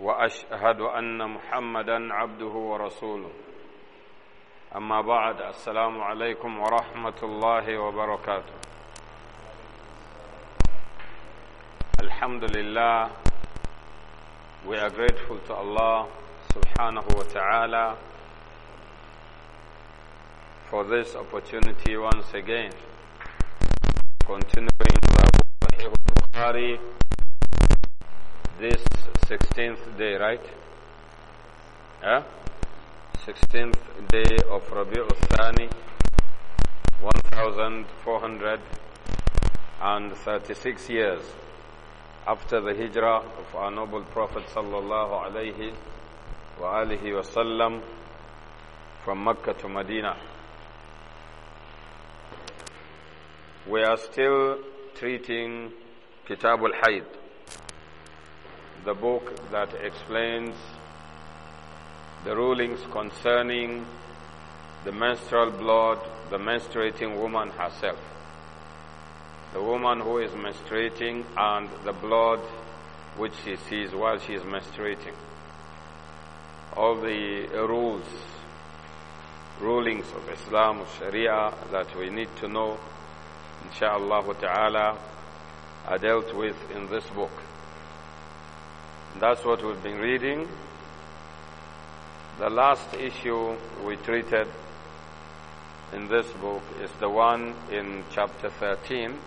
واشهد ان محمدا عبده ورسوله اما بعد السلام عليكم ورحمه الله وبركاته الحمد لله we are grateful to Allah subhanahu wa ta'ala for this opportunity once again continuing the Bukhari this 16th day, right? Huh? 16th day of Rabi'ul Thani, 1436 years after the hijrah of our noble Prophet sallallahu alaihi wasallam from Mecca to Medina. We are still treating Kitab al-Hayd the book that explains the rulings concerning the menstrual blood, the menstruating woman herself. The woman who is menstruating and the blood which she sees while she is menstruating. All the rules, rulings of Islam, of Sharia that we need to know, inshallah ta'ala, are dealt with in this book. That's what we've been reading. The last issue we treated in this book is the one in chapter 13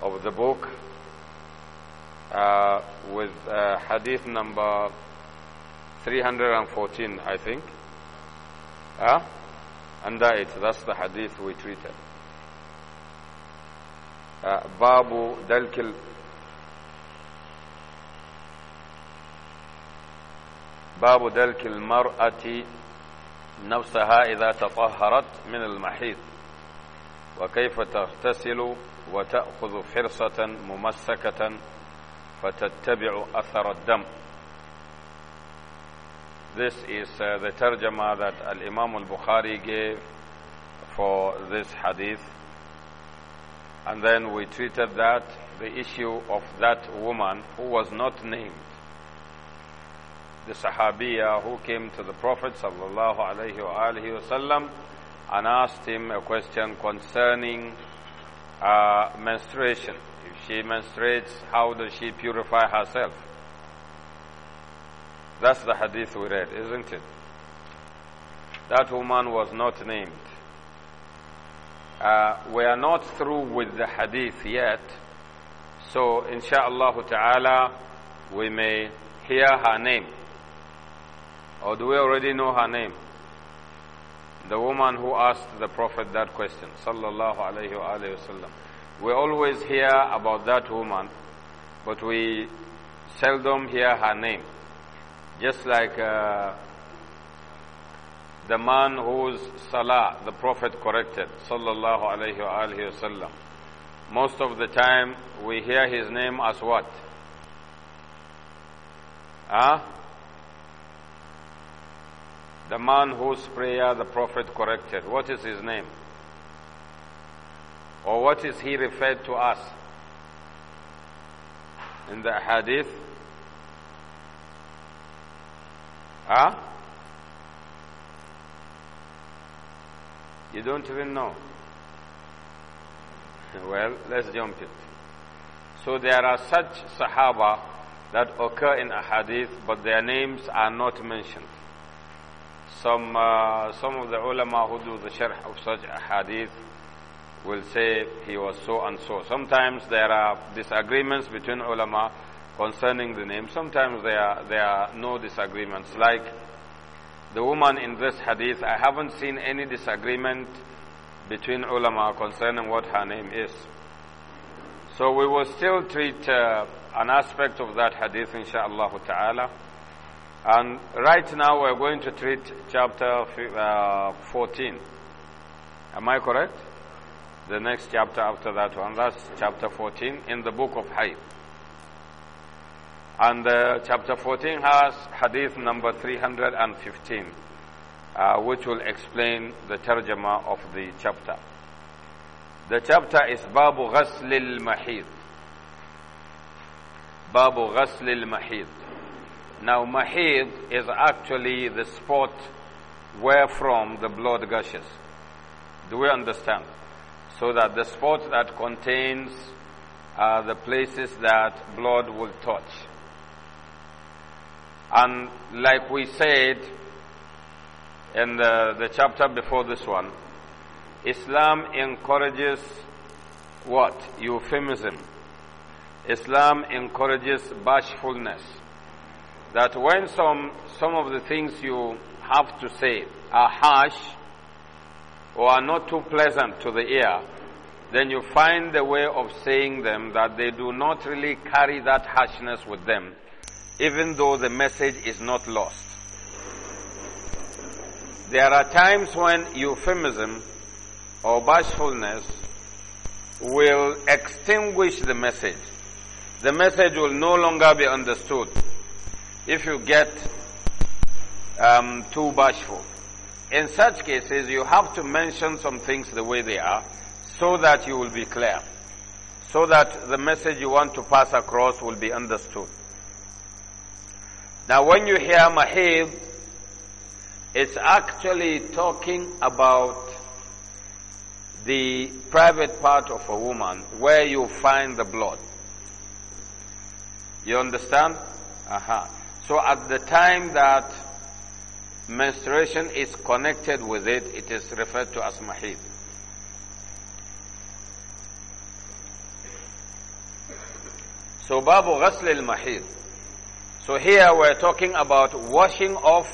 of the book uh, with uh, hadith number 314, I think. Huh? Under it, that's the hadith we treated. Uh, Babu Dalkil باب دلك المرأة نفسها إذا تطهرت من المحيط وكيف تغتسل وتأخذ فرصة ممسكة فتتبع أثر الدم This is uh, the tarjama that imam al-Bukhari gave for this hadith. And then we treated that, the issue of that woman who was not named. the Sahabiya who came to the Prophet sallallahu alaihi wasallam and asked him a question concerning uh, menstruation. If she menstruates, how does she purify herself? That's the hadith we read, isn't it? That woman was not named. Uh, we are not through with the hadith yet, so insha'Allah ta'ala we may hear her name. Or do we already know her name? The woman who asked the Prophet that question, sallallahu alayhi wa sallam. We always hear about that woman, but we seldom hear her name. Just like uh, the man whose salah the Prophet corrected, sallallahu alayhi wa sallam. Most of the time, we hear his name as what? Ah? Huh? The man whose prayer the Prophet corrected. What is his name? Or what is he referred to us? In the hadith? Ah? Huh? You don't even know. Well, let's jump it. So there are such Sahaba that occur in a hadith, but their names are not mentioned. Some, uh, some of the ulama who do the sharh of such a hadith will say he was so and so. Sometimes there are disagreements between ulama concerning the name. Sometimes there are, there are no disagreements. Like the woman in this hadith, I haven't seen any disagreement between ulama concerning what her name is. So we will still treat uh, an aspect of that hadith, inshaAllah ta'ala. And right now we're going to treat chapter uh, 14. Am I correct? The next chapter after that one, that's chapter 14 in the book of Hayy. And uh, chapter 14 has hadith number 315, uh, which will explain the tarjama of the chapter. The chapter is Babu Ghaslil mahid Babu Ghaslil mahid now, mahid is actually the spot where from the blood gushes. Do we understand? So that the spot that contains uh, the places that blood will touch. And like we said in the, the chapter before this one, Islam encourages what? Euphemism. Islam encourages bashfulness that when some, some of the things you have to say are harsh or are not too pleasant to the ear, then you find a way of saying them that they do not really carry that harshness with them, even though the message is not lost. There are times when euphemism or bashfulness will extinguish the message. The message will no longer be understood if you get um, too bashful. In such cases, you have to mention some things the way they are so that you will be clear, so that the message you want to pass across will be understood. Now, when you hear "mahib," it's actually talking about the private part of a woman where you find the blood. You understand? Aha. Uh -huh. So at the time that menstruation is connected with it, it is referred to as mahid. So babu ghasl al-mahid. So here we're talking about washing off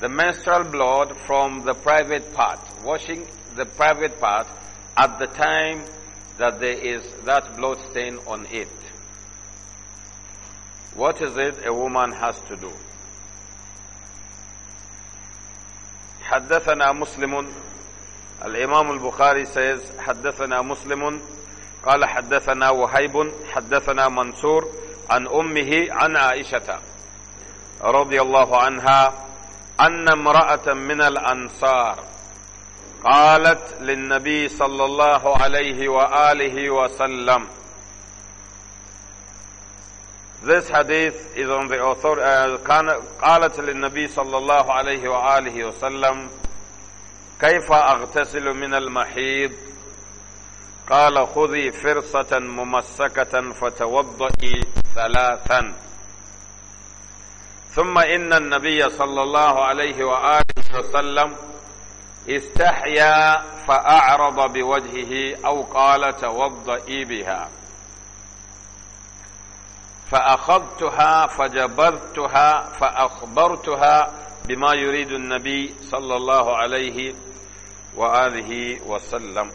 the menstrual blood from the private part, washing the private part at the time that there is that blood stain on it. What is it a woman has to do? حدثنا مسلم الإمام البخاري says حدثنا مسلم قال حدثنا وهيب حدثنا منصور عن أمه عن عائشة رضي الله عنها أن امرأة من الأنصار قالت للنبي صلى الله عليه وآله وسلم This hadith is on the author, uh, قالت للنبي صلى الله عليه وآله وسلم كيف أغتسل من المحيض قال خذي فرصة ممسكة فتوضئي ثلاثا ثم إن النبي صلى الله عليه وآله وسلم استحيا فأعرض بوجهه أو قال توضئي بها فأخذتها فجبرتها فأخبرتها بما يريد النبي صلى الله عليه وآله وسلم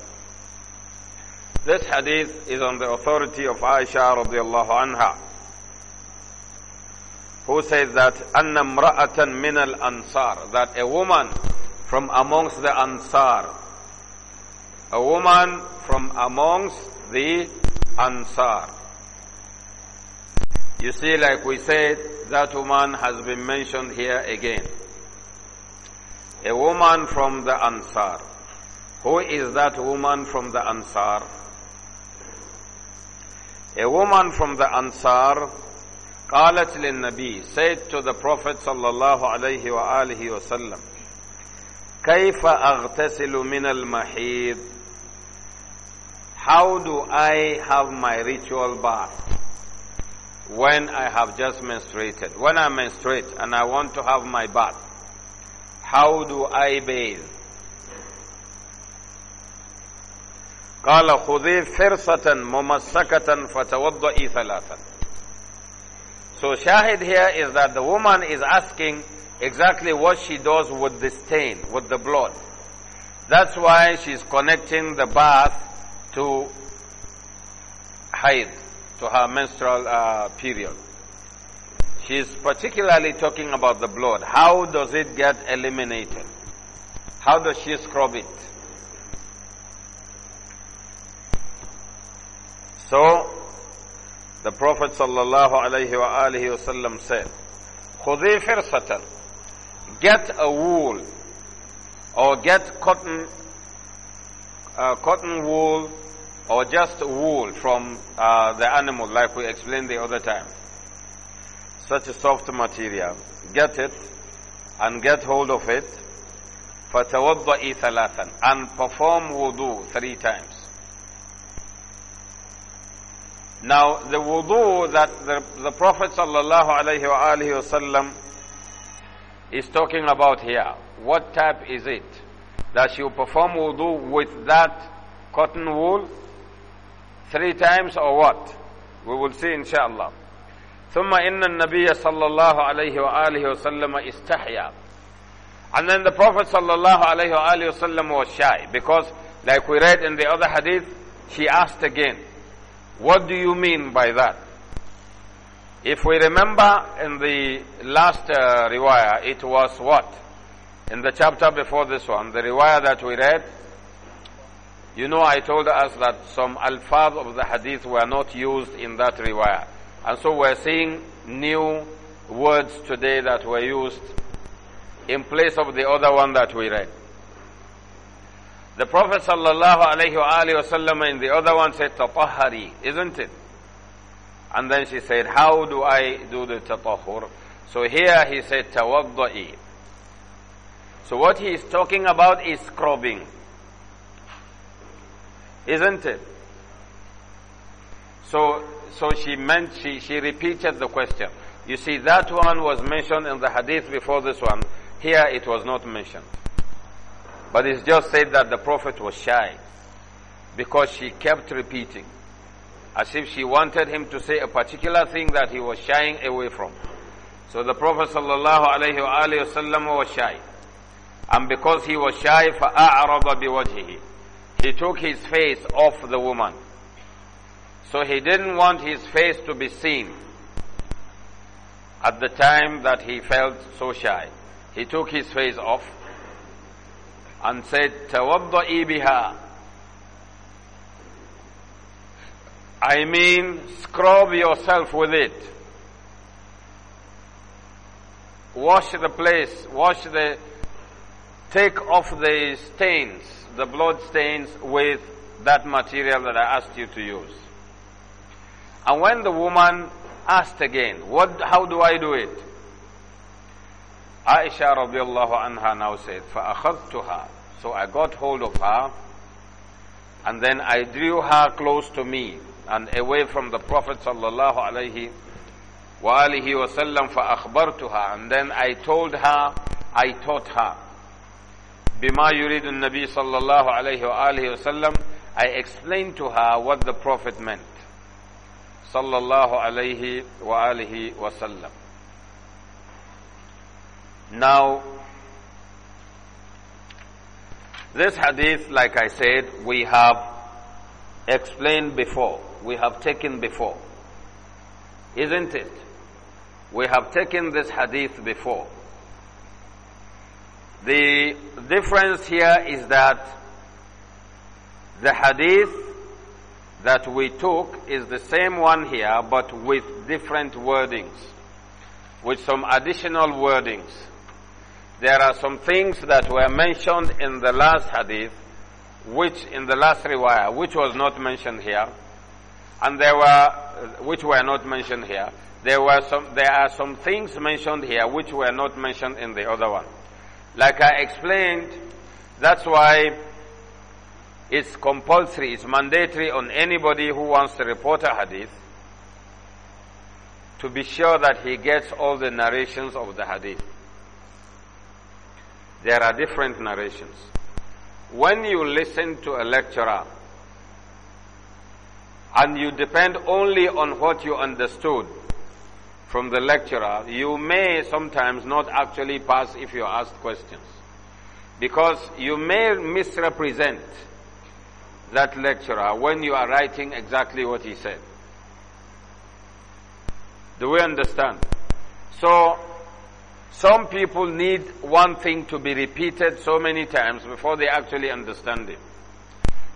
This hadith is on the authority of Aisha رضي الله عنها who says that أَنَّ امْرَأَةً مِنَ الْأَنصَارِ that a woman from amongst the Ansar a woman from amongst the Ansar You see, like we said, that woman has been mentioned here again. A woman from the Ansar. Who is that woman from the Ansar? A woman from the Ansar قالت للنبي said to the Prophet sallallahu alaihi wasallam, وآله وسلم كيف أغتسل من المحيط? How do I have my ritual bath? when I have just menstruated. When I menstruate and I want to have my bath, how do I bathe? قال خذي فرصة ممسكة فتوضئي ثلاثا So shahid here is that the woman is asking exactly what she does with the stain, with the blood. That's why she's connecting the bath to haid to her menstrual uh, period. She's particularly talking about the blood. How does it get eliminated? How does she scrub it? So, the Prophet sallallahu alaihi wasallam said, خُذِي فِرْسَةً Get a wool or get cotton, uh, cotton wool or just wool from uh, the animal, like we explained the other time. Such a soft material. Get it and get hold of it. فَتَوَضَّئِ ثَلَاثًا And perform wudu three times. Now, the wudu that the, the Prophet sallallahu is talking about here, what type is it? That you perform wudu with that cotton wool Three times or what? We will see inshallah. ثم إن النبي صلى الله عليه وآله وسلم استحيا And then the Prophet صلى الله عليه وآله وسلم was shy because like we read in the other hadith, she asked again, what do you mean by that? If we remember in the last uh, riwayah, it was what? In the chapter before this one, the riwayah that we read, you know, I told us that some alfaz of the hadith were not used in that riwayah. And so we're seeing new words today that were used in place of the other one that we read. The Prophet sallallahu alayhi wa in the other one said tatahari, isn't it? And then she said, how do I do the tatahur? So here he said tawaddai. So what he is talking about is scrubbing. Isn't it? So, so she meant, she, she repeated the question. You see, that one was mentioned in the hadith before this one. Here it was not mentioned. But it's just said that the Prophet was shy because she kept repeating as if she wanted him to say a particular thing that he was shying away from. So the Prophet ﷺ was shy. And because he was shy, فَأَعْرَضَ بِوَجْهِهِ he took his face off the woman. So he didn't want his face to be seen at the time that he felt so shy. He took his face off and said, تَوَضَّئِ ibiha." I mean, scrub yourself with it. Wash the place, wash the, take off the stains the blood stains with that material that I asked you to use. And when the woman asked again, what, how do I do it? Aisha radiallahu anha now said, فَأَخَذْتُهَا So I got hold of her and then I drew her close to me and away from the Prophet sallallahu alayhi wa alihi wa sallam فَأَخْبَرْتُهَا And then I told her, I taught her. Bima yuridun Nabi sallallahu alayhi wa alihi wasallam, I explained to her what the Prophet meant. Sallallahu alayhi wa alihi wasallam. Now, this hadith, like I said, we have explained before. We have taken before. Isn't it? We have taken this hadith before. The difference here is that the hadith that we took is the same one here but with different wordings, with some additional wordings. There are some things that were mentioned in the last hadith, which in the last riwayah, which was not mentioned here, and there were, which were not mentioned here. There were some, there are some things mentioned here which were not mentioned in the other one. Like I explained, that's why it's compulsory, it's mandatory on anybody who wants to report a hadith to be sure that he gets all the narrations of the hadith. There are different narrations. When you listen to a lecturer and you depend only on what you understood, from the lecturer, you may sometimes not actually pass if you ask questions. Because you may misrepresent that lecturer when you are writing exactly what he said. Do we understand? So, some people need one thing to be repeated so many times before they actually understand it.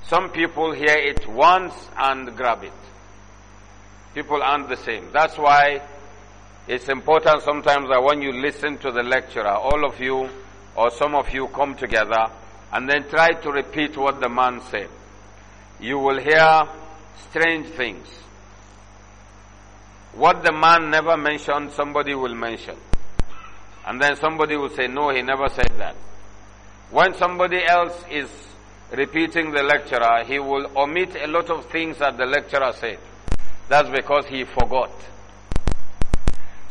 Some people hear it once and grab it. People aren't the same. That's why it's important sometimes that when you listen to the lecturer, all of you or some of you come together and then try to repeat what the man said. You will hear strange things. What the man never mentioned, somebody will mention. And then somebody will say, no, he never said that. When somebody else is repeating the lecturer, he will omit a lot of things that the lecturer said. That's because he forgot.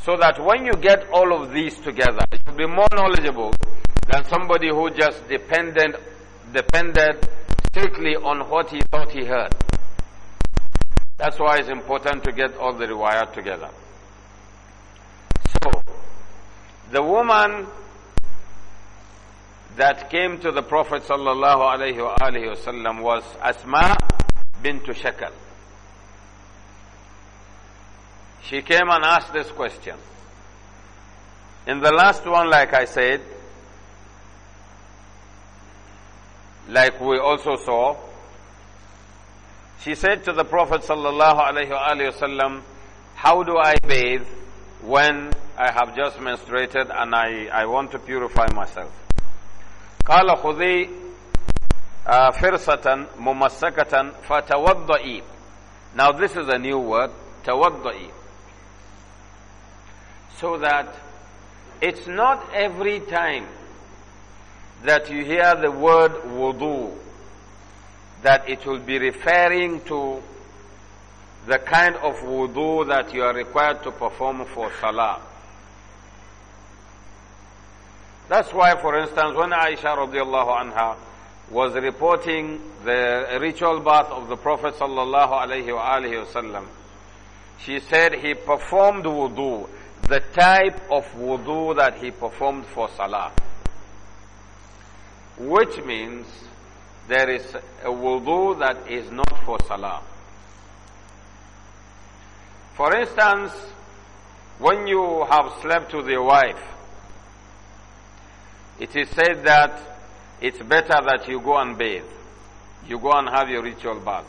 So that when you get all of these together, you'll be more knowledgeable than somebody who just depended, depended strictly on what he thought he heard. That's why it's important to get all the rewired together. So, the woman that came to the Prophet sallallahu alaihi was Asma bint Shakal. She came and asked this question. In the last one, like I said, like we also saw, she said to the Prophet sallallahu alaihi wasallam, how do I bathe when I have just menstruated and I, I want to purify myself? قال خذي فرصة ممسكة فتوضئي Now this is a new word, توضئي so that it's not every time that you hear the word wudu that it will be referring to the kind of wudu that you are required to perform for salah. That's why, for instance, when Aisha radiallahu anha was reporting the ritual bath of the Prophet sallallahu she said he performed wudu the type of wudu that he performed for salah. Which means there is a wudu that is not for salah. For instance, when you have slept with your wife, it is said that it's better that you go and bathe. You go and have your ritual bath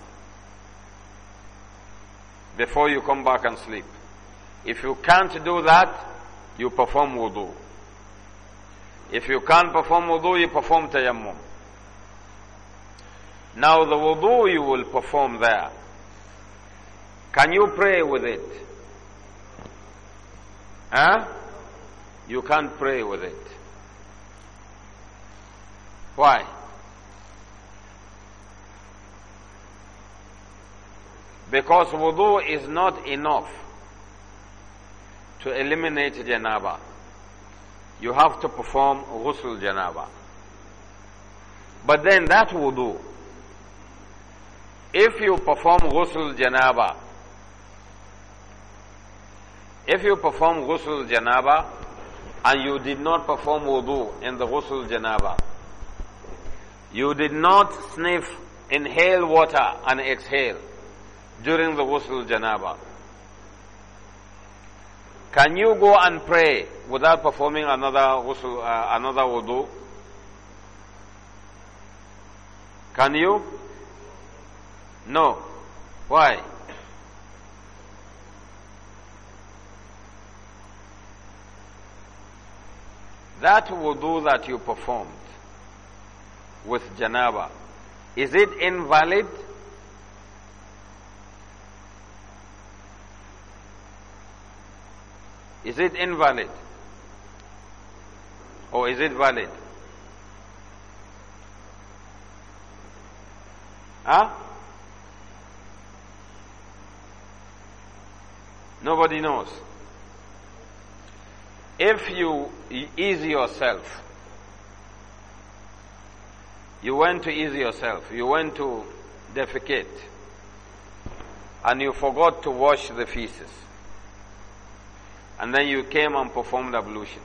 before you come back and sleep. If you can't do that, you perform wudu. If you can't perform wudu, you perform tayammum. Now the wudu you will perform there. Can you pray with it? Huh? You can't pray with it. Why? Because wudu is not enough to eliminate janaba, you have to perform ghusl janaba. But then that wudu, if you perform ghusl janaba, if you perform ghusl janaba and you did not perform wudu in the ghusl janaba, you did not sniff, inhale water and exhale during the ghusl janaba, can you go and pray without performing another ghusl, uh, another wudu? Can you? No. Why? That wudu that you performed with janaba, is it invalid? Is it invalid? Or is it valid? Huh? Nobody knows. If you ease yourself, you went to ease yourself, you went to defecate, and you forgot to wash the feces and then you came and performed ablution.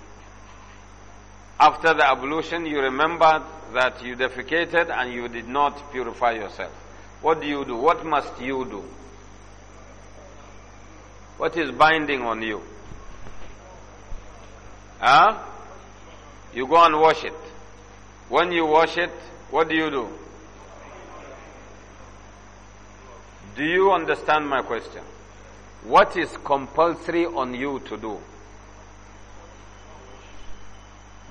After the ablution, you remembered that you defecated and you did not purify yourself. What do you do? What must you do? What is binding on you? Huh? You go and wash it. When you wash it, what do you do? Do you understand my question? What is compulsory on you to do?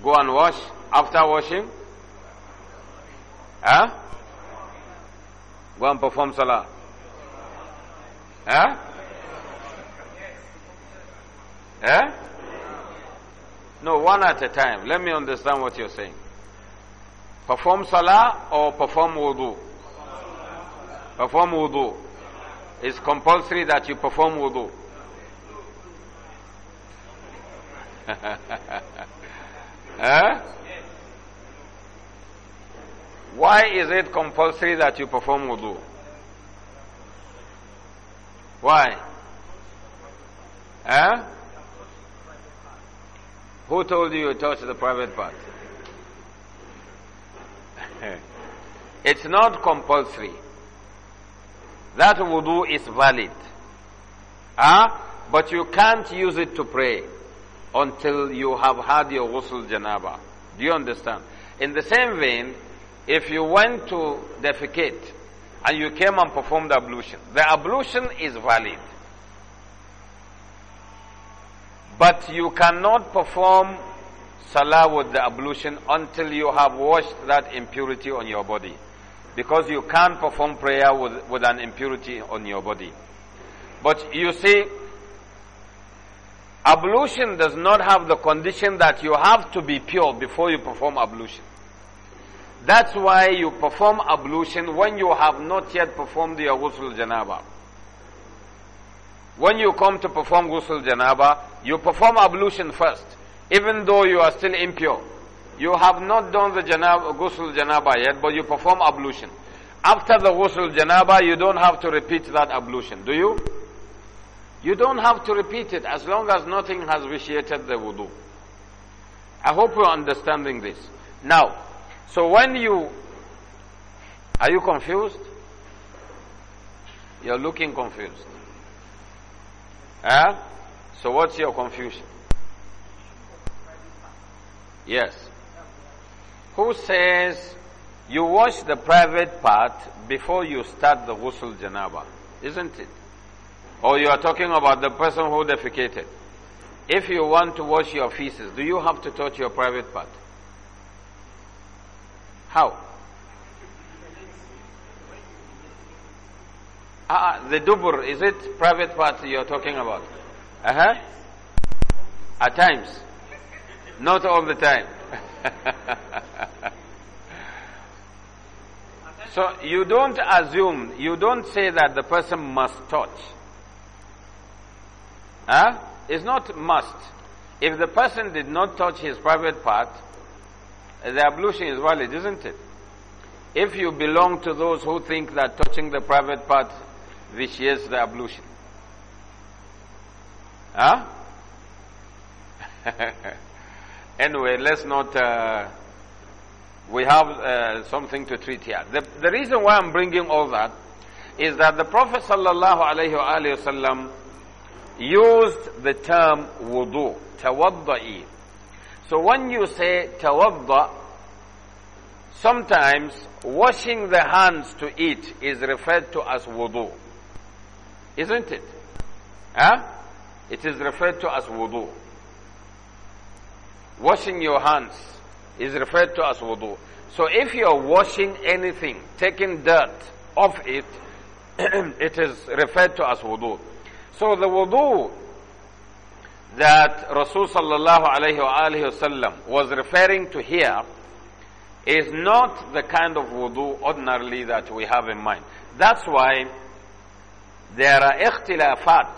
Go and wash after washing? Huh? Go and perform salah. Huh? Huh? No, one at a time. Let me understand what you're saying. Perform salah or perform wudu? Perform wudu. It's compulsory that you perform wudu. huh? Why is it compulsory that you perform wudu? Why? Huh? Who told you you touch the private part? it's not compulsory. That wudu is valid. Ah, huh? But you can't use it to pray until you have had your ghusl janaba. Do you understand? In the same vein, if you went to defecate and you came and performed ablution, the ablution is valid. But you cannot perform salah with the ablution until you have washed that impurity on your body. Because you can't perform prayer with, with an impurity on your body. But you see, ablution does not have the condition that you have to be pure before you perform ablution. That's why you perform ablution when you have not yet performed your ghusl janaba. When you come to perform ghusl janaba, you perform ablution first, even though you are still impure. You have not done the janab, ghusl janaba yet, but you perform ablution. After the ghusl janaba, you don't have to repeat that ablution, do you? You don't have to repeat it as long as nothing has vitiated the wudu. I hope you're understanding this. Now, so when you, are you confused? You're looking confused. Eh? So what's your confusion? Yes who says you wash the private part before you start the ghusl janaba, isn't it? Or you are talking about the person who defecated. If you want to wash your feces, do you have to touch your private part? How? Ah, ah the dubur, is it private part you are talking about? Uh-huh. At times. Not all the time. so you don't assume, you don't say that the person must touch. Huh? It's not must. If the person did not touch his private part, the ablution is valid, isn't it? If you belong to those who think that touching the private part vitiates the ablution. Huh? Anyway, let's not, uh, we have uh, something to treat here. The, the reason why I'm bringing all that is that the Prophet sallallahu alaihi wasallam used the term wudu, tawadda'i. So when you say tawadda, sometimes washing the hands to eat is referred to as wudu. Isn't it? Huh? It is referred to as wudu. Washing your hands is referred to as wudu. So if you are washing anything, taking dirt off it, it is referred to as wudu. So the wudu that Rasul sallallahu alayhi was referring to here is not the kind of wudu ordinarily that we have in mind. That's why there are ikhtilafat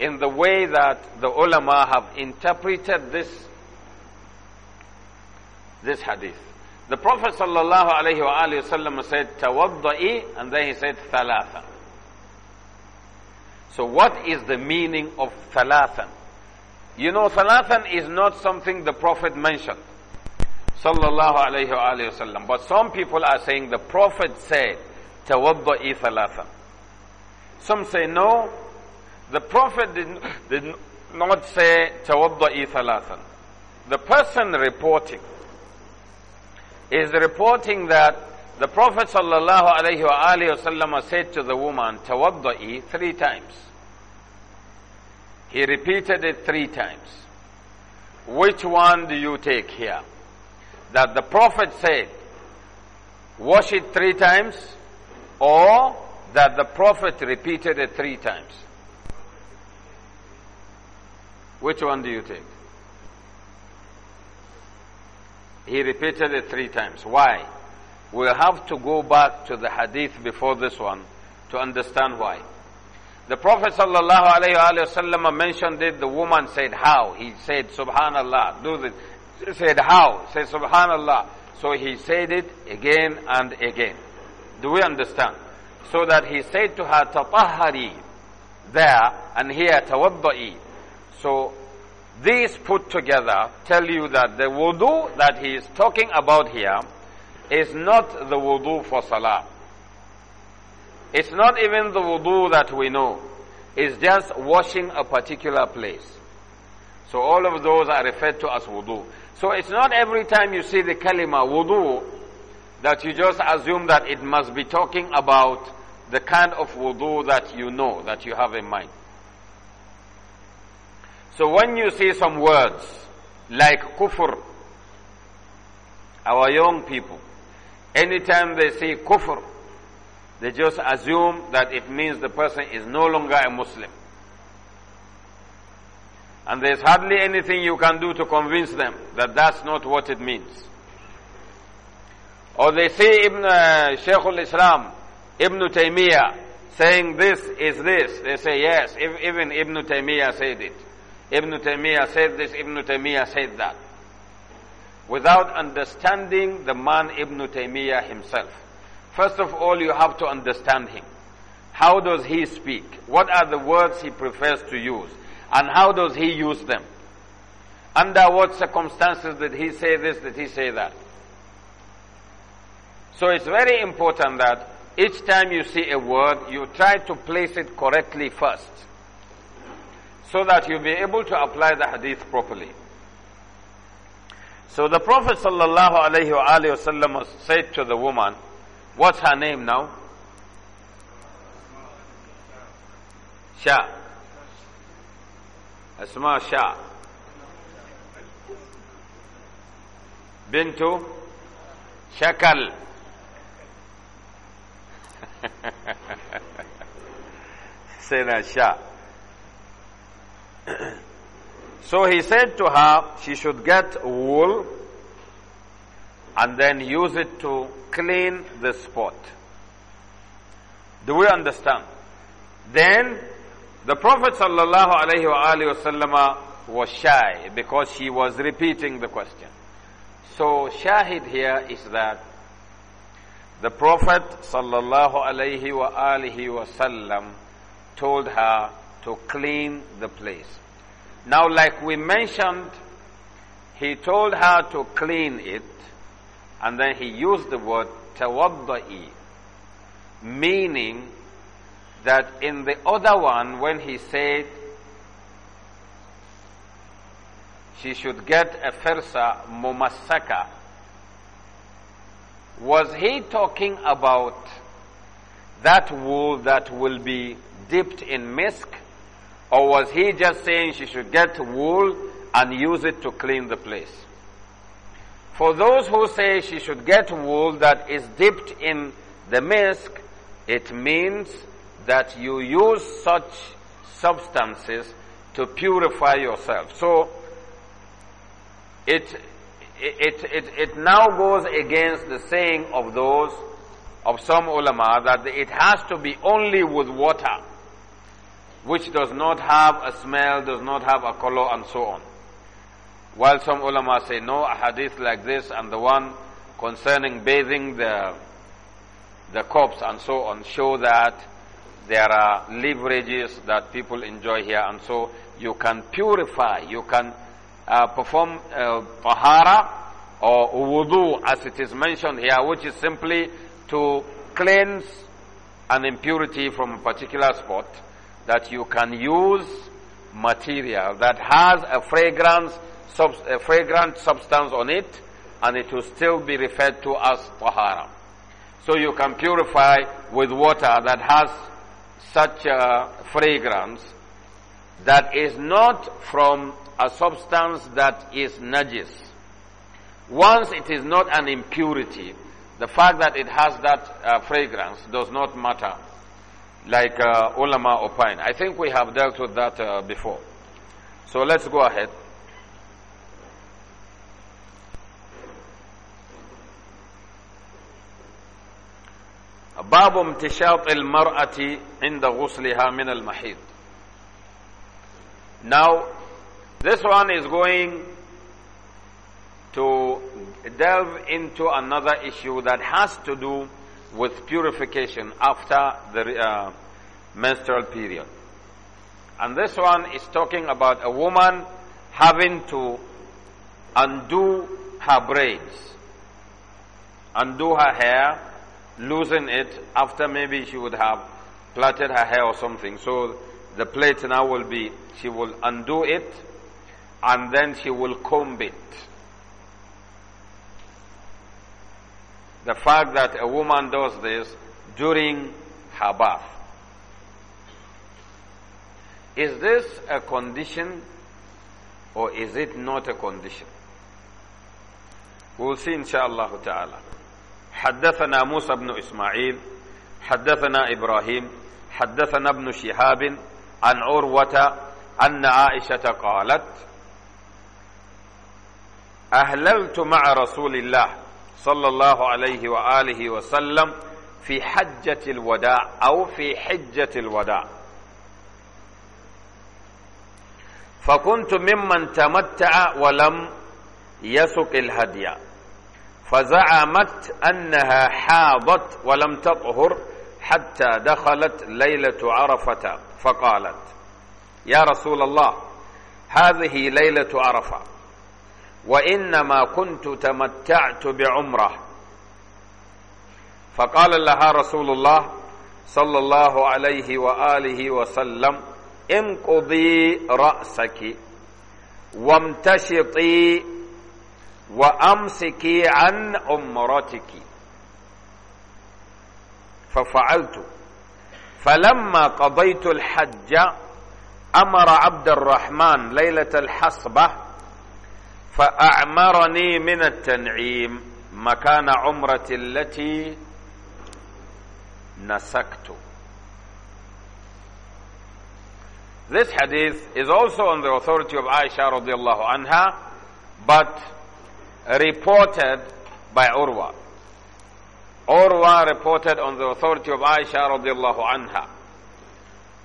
in the way that the ulama have interpreted this this hadith. The Prophet sallallahu alayhi wa wasallam said, tawadda'i, and then he said, thalathan. So what is the meaning of thalathan? You know, thalathan is not something the Prophet mentioned, sallallahu alayhi wa wasallam. But some people are saying the Prophet said, tawadda'i thalathan. Some say no, the Prophet did, did not say tawadda'i thalathan. The person reporting is reporting that the Prophet sallallahu said to the woman, tawadda'i three times. He repeated it three times. Which one do you take here? That the Prophet said, wash it three times, or that the Prophet repeated it three times. Which one do you take? He repeated it three times. Why? We'll have to go back to the hadith before this one to understand why. The Prophet ﷺ mentioned it. The woman said, How? He said, Subhanallah, do this. She said, How? said, Subhanallah. So he said it again and again. Do we understand? So that he said to her, Tatahari, there, and here, Tawaddai. So these put together tell you that the wudu that he is talking about here is not the wudu for salah. It's not even the wudu that we know. It's just washing a particular place. So all of those are referred to as wudu. So it's not every time you see the kalima wudu that you just assume that it must be talking about the kind of wudu that you know, that you have in mind. So when you see some words like kufr, our young people, anytime they see kufr, they just assume that it means the person is no longer a Muslim. And there's hardly anything you can do to convince them that that's not what it means. Or they see Ibn uh, Shaykh al-Islam, Ibn Taymiyyah, saying this is this. They say yes, if, even Ibn Taymiyyah said it. Ibn Taymiyyah said this, Ibn Taymiyyah said that. Without understanding the man Ibn Taymiyyah himself. First of all, you have to understand him. How does he speak? What are the words he prefers to use? And how does he use them? Under what circumstances did he say this, did he say that? So it's very important that each time you see a word, you try to place it correctly first so that you'll be able to apply the hadith properly. So the Prophet sallallahu said to the woman, what's her name now? Sha. Asma Sha. Bintu Shakal. Say that Sha. so he said to her, she should get wool and then use it to clean the spot. Do we understand? Then the Prophet sallallahu was shy because she was repeating the question. So shahid here is that the Prophet sallallahu told her to clean the place. Now, like we mentioned, he told her to clean it, and then he used the word tawadda'i, meaning that in the other one, when he said she should get a fersa mumasaka, was he talking about that wool that will be dipped in misk? Or was he just saying she should get wool and use it to clean the place? For those who say she should get wool that is dipped in the misk, it means that you use such substances to purify yourself. So, it, it, it, it now goes against the saying of those, of some ulama, that it has to be only with water which does not have a smell, does not have a color, and so on. While some ulama say no, a hadith like this and the one concerning bathing the, the corpse and so on show that there are leverages that people enjoy here, and so you can purify, you can uh, perform uh, or wudu as it is mentioned here, which is simply to cleanse an impurity from a particular spot that you can use material that has a fragrance, sub, a fragrant substance on it, and it will still be referred to as tahara. So you can purify with water that has such a fragrance that is not from a substance that is najis. Once it is not an impurity, the fact that it has that uh, fragrance does not matter like uh, ulama opine. I think we have dealt with that uh, before. So let's go ahead. باب امتشاط المرأة عند غسلها من المحيض Now, this one is going to delve into another issue that has to do with purification after the uh, menstrual period. And this one is talking about a woman having to undo her braids, undo her hair, loosen it after maybe she would have plaited her hair or something. So the plait now will be, she will undo it and then she will comb it. the fact that a woman does this during her bath. Is this a condition or is it not a condition? We'll see inshaAllah ta'ala. حدثنا موسى بن إسماعيل حدثنا إبراهيم حدثنا ابن شهاب عن عروة أن عائشة قالت أهللت مع رسول الله صلى الله عليه وآله وسلم في حجة الوداع أو في حجة الوداع فكنت ممن تمتع ولم يسق الهدي فزعمت أنها حاضت ولم تطهر حتى دخلت ليلة عرفة فقالت يا رسول الله هذه ليلة عرفة وإنما كنت تمتعت بعمرة فقال لها رسول الله صلى الله عليه وآله وسلم انقضي رأسك وامتشطي وأمسكي عن عمرتك ففعلت فلما قضيت الحج أمر عبد الرحمن ليلة الحصبة فأعمرني من التنعيم مكان عمرة التي نسكت This hadith is also on the authority of Aisha radiallahu anha, but reported by Urwa. Urwa reported on the authority of Aisha radiallahu anha.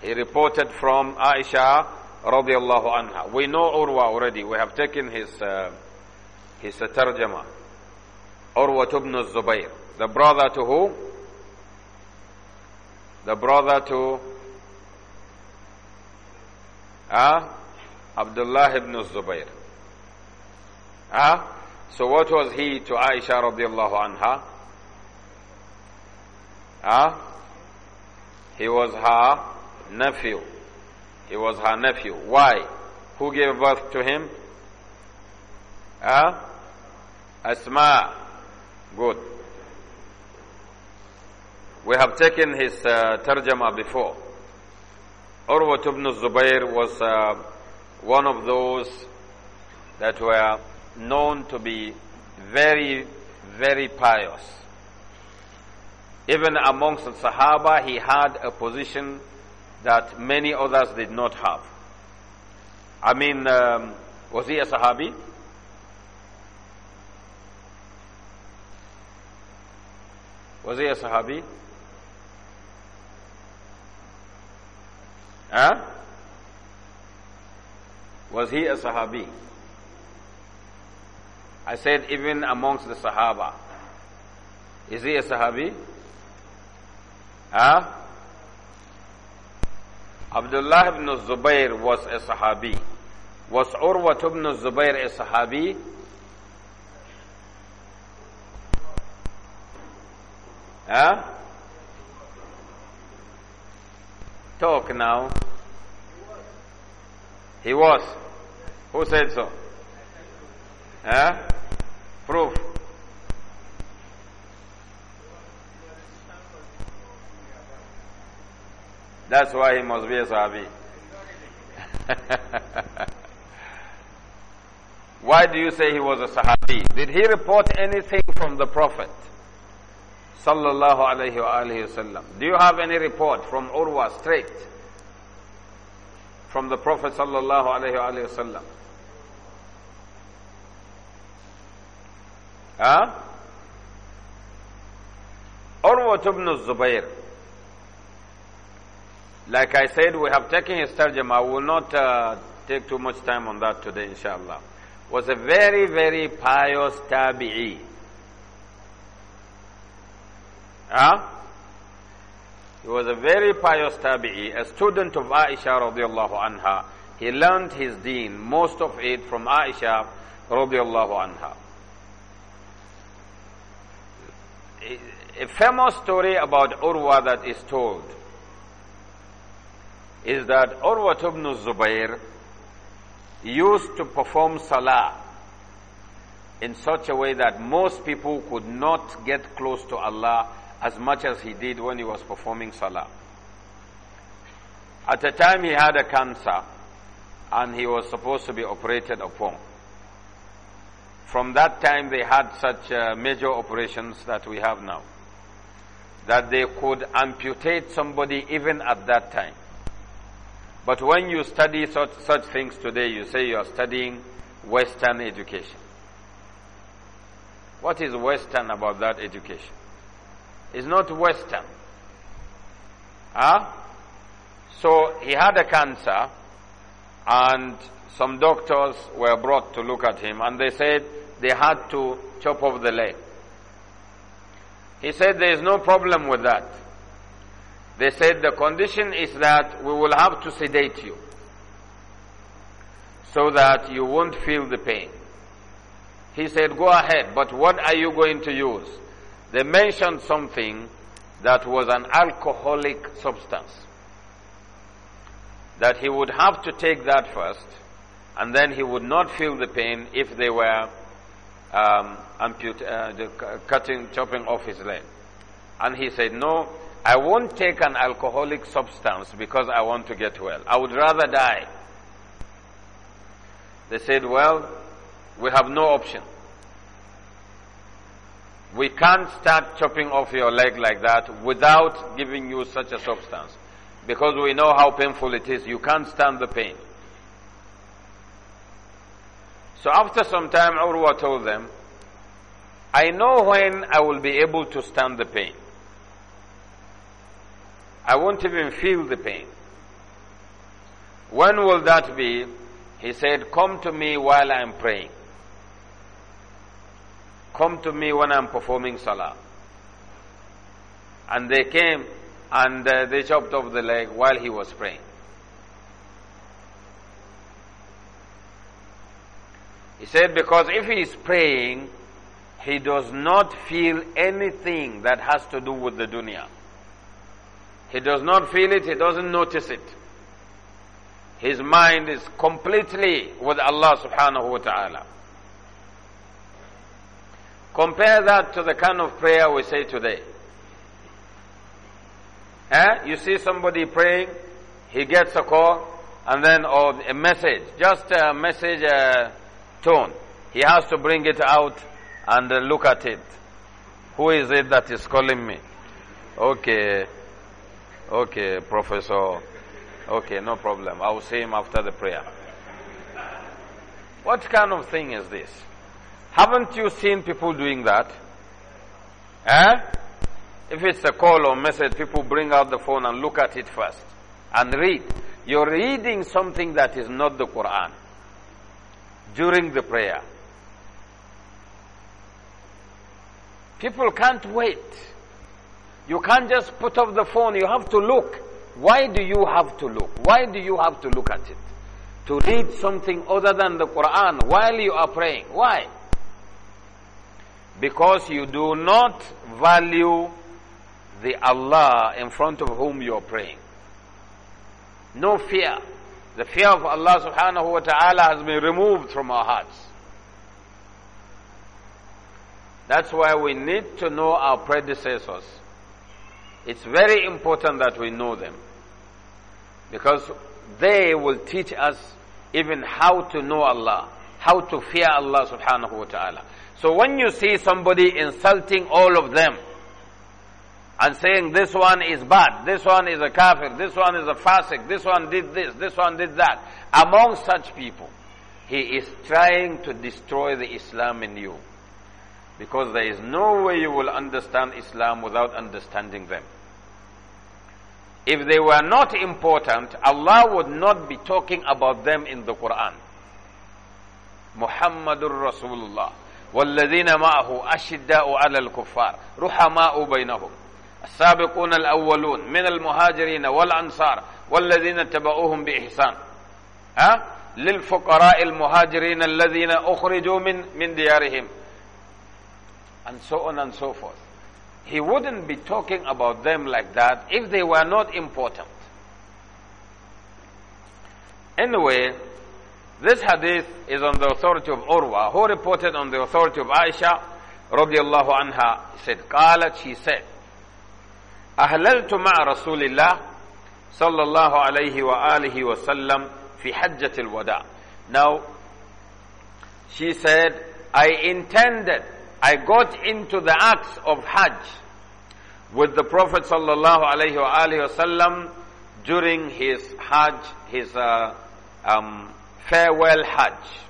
He reported from Aisha radiallahu anha. We know Urwa already. We have taken his, uh, his uh, tarjama. Urwa ibn Zubayr. The brother to who? The brother to uh, Abdullah ibn Zubayr. Uh, so what was he to Aisha radiallahu anha? Uh, he was her nephew. He was her nephew. Why? Who gave birth to him? Ah, Asma. Good. We have taken his uh, tarjama before. Urwat ibn Zubair was uh, one of those that were known to be very, very pious. Even amongst the Sahaba, he had a position that many others did not have. I mean, um, was he a Sahabi? Was he a Sahabi? Huh? Was he a Sahabi? I said, even amongst the Sahaba. Is he a Sahabi? Huh? Abdullah ibn Zubair was a Sahabi. Was Urwat ibn Zubair a Sahabi? Huh? Talk now. He was. Who said so? Huh? Proof. That's why he must be a Sahabi. why do you say he was a Sahabi? Did he report anything from the Prophet? Sallallahu alayhi wa alayhi Do you have any report from Urwa straight? From the Prophet sallallahu alayhi wa alayhi wasallam? Huh? Urwa ibn Zubayr. Like I said, we have taken his tarjama. I will not uh, take too much time on that today, inshallah. Was a very, very pious tabi'i. Huh? He was a very pious tabi'i, a student of Aisha radiallahu anha. He learned his deen, most of it from Aisha radiallahu anha. A famous story about Urwa that is told is that Urwat ibn Zubair used to perform salah in such a way that most people could not get close to Allah as much as he did when he was performing salah. At the time he had a cancer and he was supposed to be operated upon. From that time they had such uh, major operations that we have now. That they could amputate somebody even at that time. But when you study such, such things today, you say you are studying Western education. What is Western about that education? It's not Western. Huh? So he had a cancer and some doctors were brought to look at him and they said they had to chop off the leg. He said there is no problem with that. They said the condition is that we will have to sedate you so that you won't feel the pain. He said, go ahead, but what are you going to use? They mentioned something that was an alcoholic substance. That he would have to take that first, and then he would not feel the pain if they were um, amput- uh, the cutting, chopping off his leg. And he said, no, I won't take an alcoholic substance because I want to get well. I would rather die. They said, well, we have no option. We can't start chopping off your leg like that without giving you such a substance. Because we know how painful it is. You can't stand the pain. So after some time, Urwa told them, I know when I will be able to stand the pain. I won't even feel the pain. When will that be? He said, Come to me while I'm praying. Come to me when I'm performing salah. And they came and uh, they chopped off the leg while he was praying. He said, Because if he is praying, he does not feel anything that has to do with the dunya. He does not feel it, he doesn't notice it. His mind is completely with Allah subhanahu wa ta'ala. Compare that to the kind of prayer we say today. Eh? You see somebody praying, he gets a call, and then or a message, just a message uh, tone. He has to bring it out and uh, look at it. Who is it that is calling me? Okay. Okay, Professor. Okay, no problem. I will see him after the prayer. What kind of thing is this? Haven't you seen people doing that? Eh? If it's a call or message, people bring out the phone and look at it first and read. You're reading something that is not the Quran during the prayer. People can't wait. You can't just put off the phone. You have to look. Why do you have to look? Why do you have to look at it? To read something other than the Quran while you are praying. Why? Because you do not value the Allah in front of whom you are praying. No fear. The fear of Allah subhanahu wa ta'ala has been removed from our hearts. That's why we need to know our predecessors it's very important that we know them because they will teach us even how to know Allah, how to fear Allah subhanahu wa ta'ala. So when you see somebody insulting all of them and saying this one is bad, this one is a kafir, this one is a fasik, this one did this, this one did that, among such people, he is trying to destroy the Islam in you. Because there is no way you will understand Islam without understanding them. If they were not important, Allah would not be talking about them in the Quran. Muhammadur Rasulullah. والذين معه أشداء على الكفار رحماء بينهم السابقون الأولون من المهاجرين والأنصار والذين تبعوهم بإحسان ها للفقراء المهاجرين الذين أخرجوا من من ديارهم and so on and so forth he wouldn't be talking about them like that if they were not important. Anyway, this hadith is on the authority of Urwa, who reported on the authority of Aisha radiallahu anha, said, قالت, she said, أهللت مع رسول الله صلى الله عليه وآله وسلم في حجة الوداع. Now, she said, I intended I got into the acts of Hajj with the Prophet sallallahu alaihi wasallam during his Hajj, his uh, um, farewell Hajj.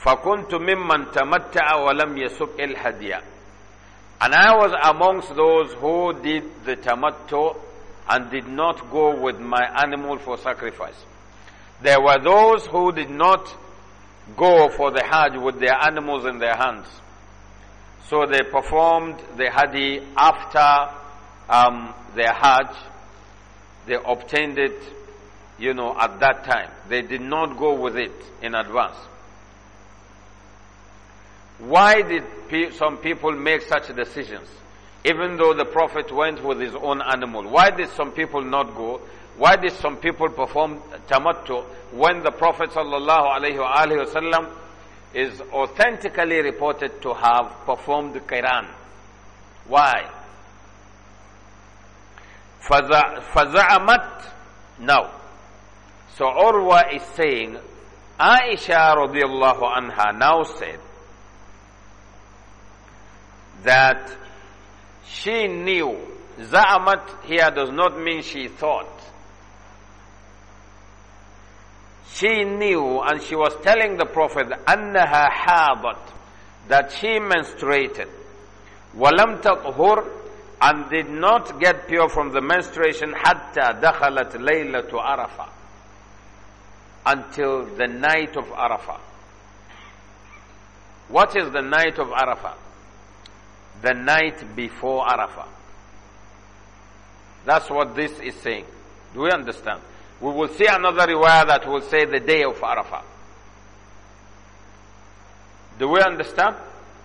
فَكُنْتُ مِمَّنْ تَمَتَّعَ وَلَمْ يَسُبْ الْهَدْيَ And I was amongst those who did the tamattu and did not go with my animal for sacrifice. There were those who did not go for the Hajj with their animals in their hands. So they performed the Hadi after um, their Hajj. They obtained it, you know, at that time. They did not go with it in advance. Why did pe some people make such decisions? Even though the Prophet went with his own animal. Why did some people not go? Why did some people perform tamattu when the Prophet sallallahu is authentically reported to have performed Quran? Why? Faza'amat Now, so Urwa is saying, Aisha radiallahu anha now said that she knew. Za'amat here does not mean she thought she knew and she was telling the Prophet أنها حاضت that she menstruated ولم تطهر and did not get pure from the menstruation حتى دخلت ليلة عرفة until the night of Arafah. What is the night of Arafah? The night before Arafah. That's what this is saying. Do we understand? We will see another riwayah that will say the day of Arafat. Do we understand?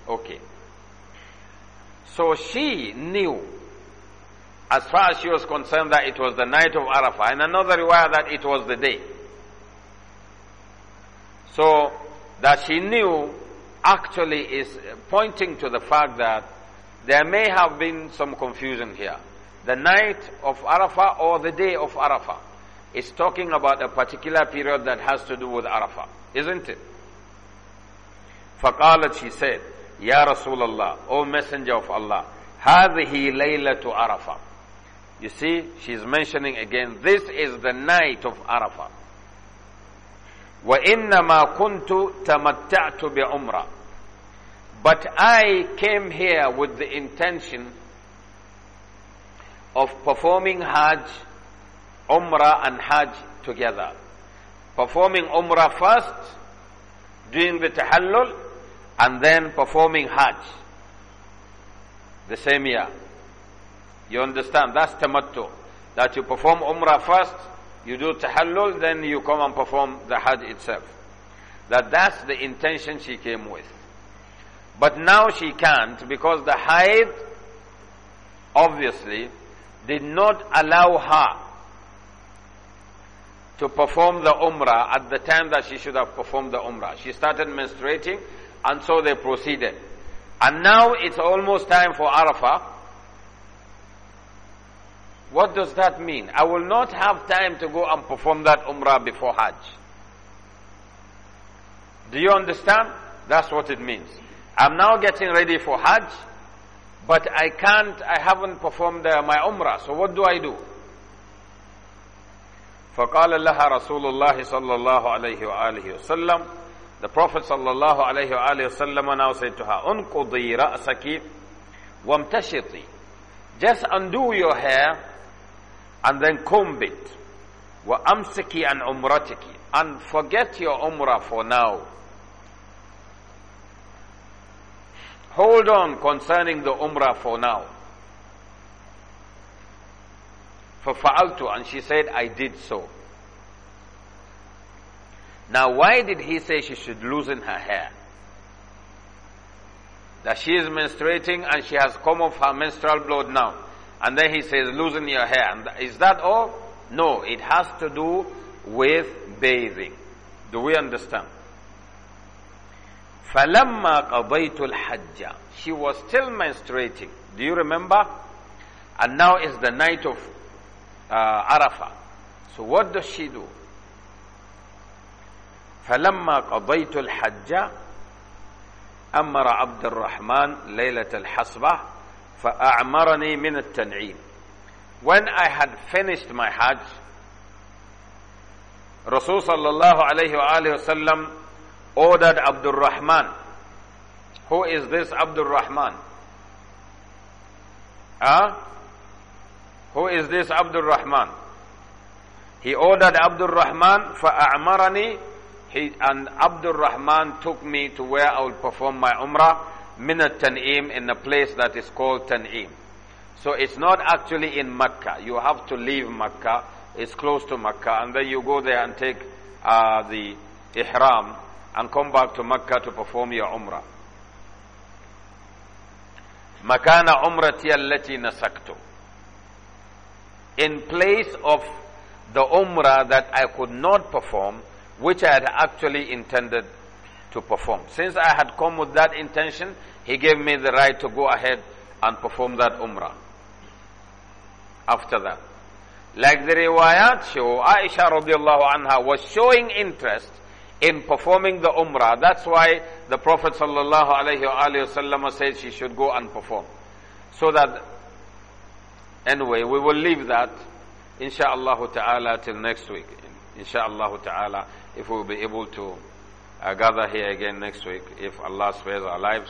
Okay. So she knew, as far as she was concerned, that it was the night of Arafat, and another riwayah that it was the day. So, that she knew actually is pointing to the fact that there may have been some confusion here. The night of Arafah or the day of Arafah. It's talking about a particular period that has to do with Arafah, isn't it? فقالت she said "Ya رسول O messenger of Allah هذه ليلة عرفة You see she's mentioning again this is the night of Arafah وإنما كنت تمتعت بعمرة But I came here with the intention of performing Hajj Umrah and Hajj together. Performing Umrah first, doing the Tahallul, and then performing Hajj the same year. You understand? That's tamattu. That you perform Umrah first, you do Tahallul, then you come and perform the Hajj itself. That that's the intention she came with. But now she can't because the Hajj, obviously did not allow her to perform the umrah at the time that she should have performed the umrah. She started menstruating and so they proceeded. And now it's almost time for Arafah. What does that mean? I will not have time to go and perform that umrah before Hajj. Do you understand? That's what it means. I'm now getting ready for Hajj, but I can't, I haven't performed uh, my umrah. So what do I do? فقال لها رسول الله صلى الله عليه وآله وسلم The Prophet صلى الله عليه وآله وسلم now said to her انقضي رأسك وامتشطي Just undo your hair and then comb it وأمسكي عن عمرتك and forget your umrah for now hold on concerning the umrah for now فَفَعَلْتُ And she said, I did so. Now why did he say she should loosen her hair? That she is menstruating and she has come off her menstrual blood now. And then he says, loosen your hair. And is that all? No, it has to do with bathing. Do we understand? فَلَمَّا قَضَيْتُ الْحَجَّ She was still menstruating. Do you remember? And now is the night of آه عرفة So what does she do? فلما قضيت الحج أمر عبد الرحمن ليلة الحصبة فأعمرني من التنعيم When I had finished my Hajj صلى الله عليه وآله وسلم ordered عبد الرحمن Who is this عبد الرحمن ها آه؟ Huh? Who is this Abdul Rahman? He ordered Abdul Rahman for A'marani, he, and Abdul Rahman took me to where I will perform my Umrah, Minat Tan'im, in a place that is called Tan'im. So it's not actually in Mecca. You have to leave Mecca. It's close to Mecca. And then you go there and take uh, the Ihram and come back to Mecca to perform your Umrah. مكان عمرتي التي نسكت in place of the umrah that I could not perform, which I had actually intended to perform. Since I had come with that intention, he gave me the right to go ahead and perform that umrah. After that. Like the riwayat show, Aisha radiallahu anha was showing interest in performing the umrah. That's why the Prophet sallallahu alayhi wa said she should go and perform. So that Anyway, we will leave that, insha'Allah ta'ala, till next week. Insha'Allah ta'ala, if we'll be able to uh, gather here again next week, if Allah spares our lives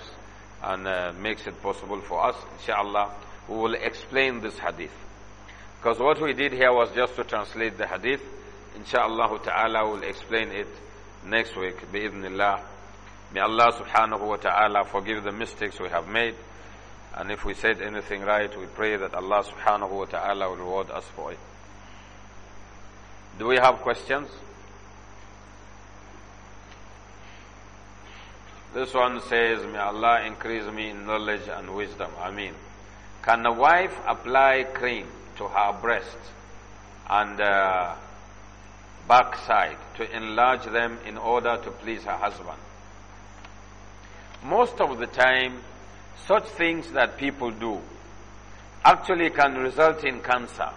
and uh, makes it possible for us, insha'Allah, we will explain this hadith. Because what we did here was just to translate the hadith. Insha'Allah ta'ala, we'll explain it next week, bi'idhnillah. May Allah subhanahu wa ta'ala forgive the mistakes we have made. And if we said anything right, we pray that Allah subhanahu wa ta'ala will reward us for it. Do we have questions? This one says, May Allah increase me in knowledge and wisdom. Ameen. Can a wife apply cream to her breast and uh, backside to enlarge them in order to please her husband? Most of the time, such things that people do actually can result in cancer.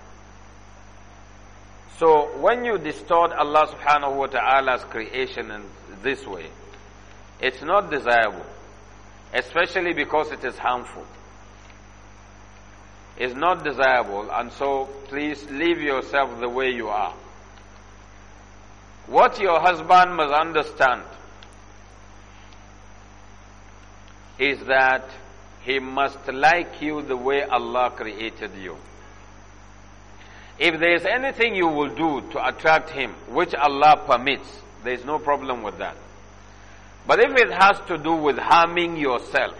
So when you distort Allah subhanahu wa ta'ala's creation in this way, it's not desirable, especially because it is harmful. It's not desirable, and so please leave yourself the way you are. What your husband must understand is that he must like you the way Allah created you. If there is anything you will do to attract Him, which Allah permits, there is no problem with that. But if it has to do with harming yourself,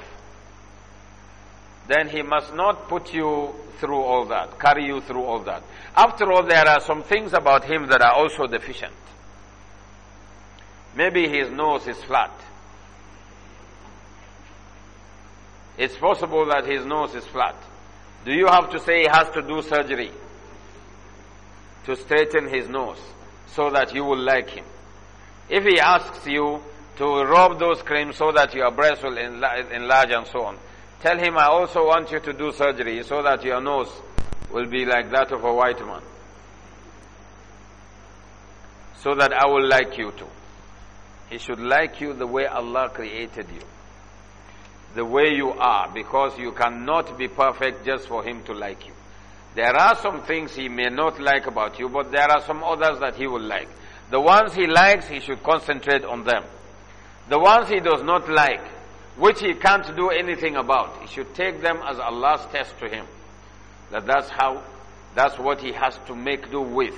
then He must not put you through all that, carry you through all that. After all, there are some things about Him that are also deficient. Maybe His nose is flat. It's possible that his nose is flat. Do you have to say he has to do surgery to straighten his nose so that you will like him? If he asks you to rub those creams so that your breast will enlarge and so on, tell him I also want you to do surgery so that your nose will be like that of a white man. So that I will like you too. He should like you the way Allah created you the way you are because you cannot be perfect just for him to like you. There are some things he may not like about you, but there are some others that he will like. The ones he likes, he should concentrate on them. The ones he does not like, which he can't do anything about, he should take them as Allah's test to him. That that's how, that's what he has to make do with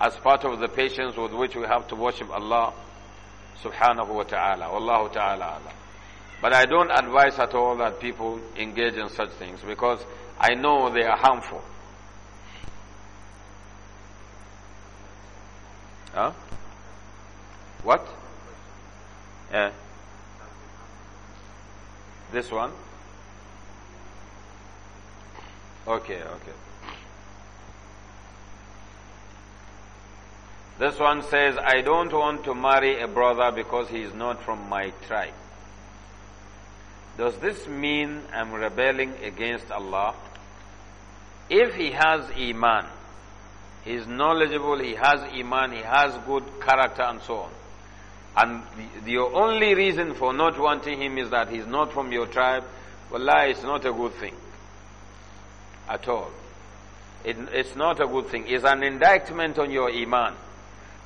as part of the patience with which we have to worship Allah subhanahu wa ta'ala. Wallahu ta'ala but I don't advise at all that people engage in such things because I know they are harmful. Huh? What? Yeah. This one? Okay, okay. This one says, I don't want to marry a brother because he is not from my tribe. Does this mean I'm rebelling against Allah? If he has Iman, he's knowledgeable, he has Iman, he has good character and so on. And the, the only reason for not wanting him is that he's not from your tribe. Wallah, it's not a good thing. At all. It, it's not a good thing. It's an indictment on your Iman.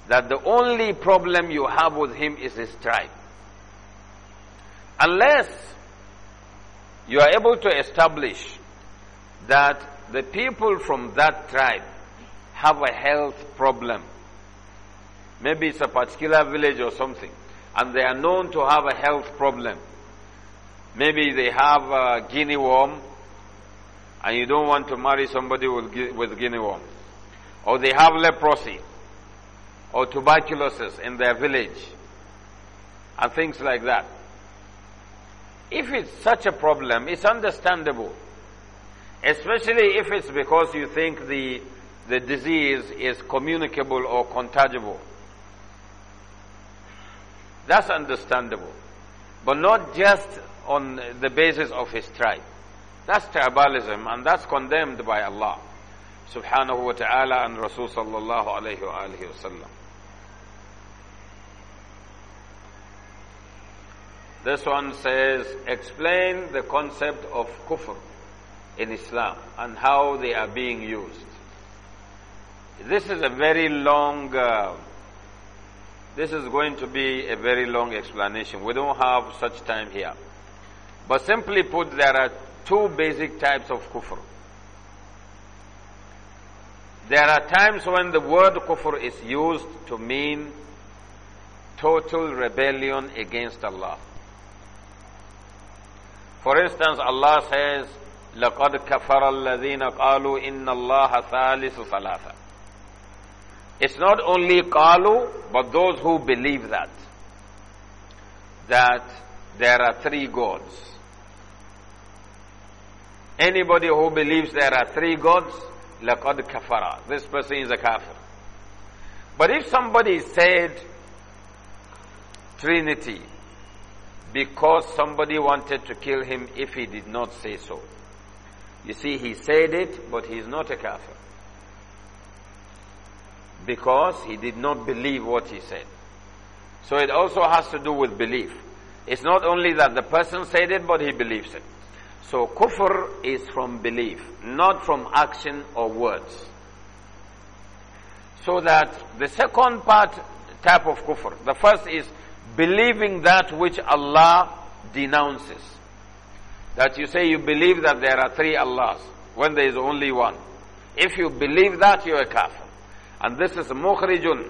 That the only problem you have with him is his tribe. Unless you are able to establish that the people from that tribe have a health problem. Maybe it's a particular village or something, and they are known to have a health problem. Maybe they have a guinea worm, and you don't want to marry somebody with, with guinea worm. Or they have leprosy, or tuberculosis in their village, and things like that. If it's such a problem, it's understandable. Especially if it's because you think the, the disease is communicable or contagible. That's understandable. But not just on the basis of his tribe. That's tribalism and that's condemned by Allah subhanahu wa ta'ala and Rasul sallallahu alayhi wa This one says, explain the concept of kufr in Islam and how they are being used. This is a very long, uh, this is going to be a very long explanation. We don't have such time here. But simply put, there are two basic types of kufr. There are times when the word kufr is used to mean total rebellion against Allah. For instance, Allah says, لَقَدْ كَفَرَ الَّذِينَ قَالُوا إِنَّ اللَّهَ ثَالِثُ ثَلَاثًا It's not only "قالوا," but those who believe that. That there are three gods. Anybody who believes there are three gods, لَقَدْ كَفَرَ This person is a kafir. But if somebody said Trinity, because somebody wanted to kill him if he did not say so. You see, he said it, but he is not a kafir. Because he did not believe what he said. So it also has to do with belief. It's not only that the person said it, but he believes it. So kufr is from belief, not from action or words. So that the second part type of kufr, the first is believing that which Allah denounces. That you say you believe that there are three Allahs when there is only one. If you believe that, you are a kafir. And this is mukhrijun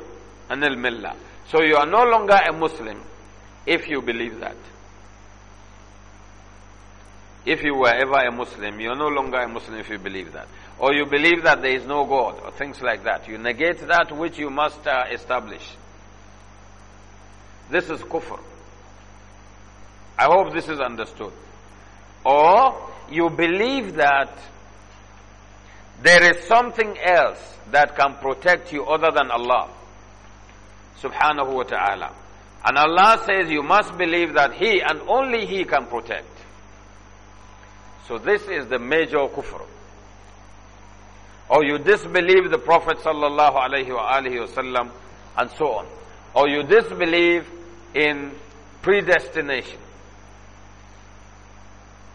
anil millah. So you are no longer a Muslim if you believe that. If you were ever a Muslim, you are no longer a Muslim if you believe that. Or you believe that there is no God or things like that. You negate that which you must uh, establish. This is kufr. I hope this is understood. Or you believe that there is something else that can protect you other than Allah subhanahu wa ta'ala. And Allah says you must believe that He and only He can protect. So this is the major kufr. Or you disbelieve the Prophet sallallahu alayhi wa and so on or you disbelieve in predestination.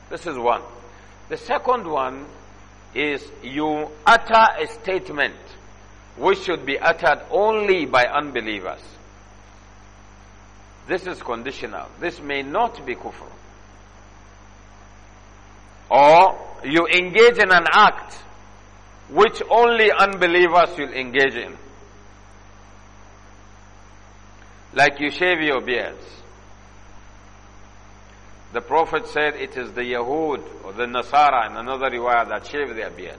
This is one. The second one is you utter a statement which should be uttered only by unbelievers. This is conditional. This may not be kufr. Or you engage in an act which only unbelievers will engage in like you shave your beards. The Prophet said it is the Yahud or the Nasara in another riwayah that shave their beards.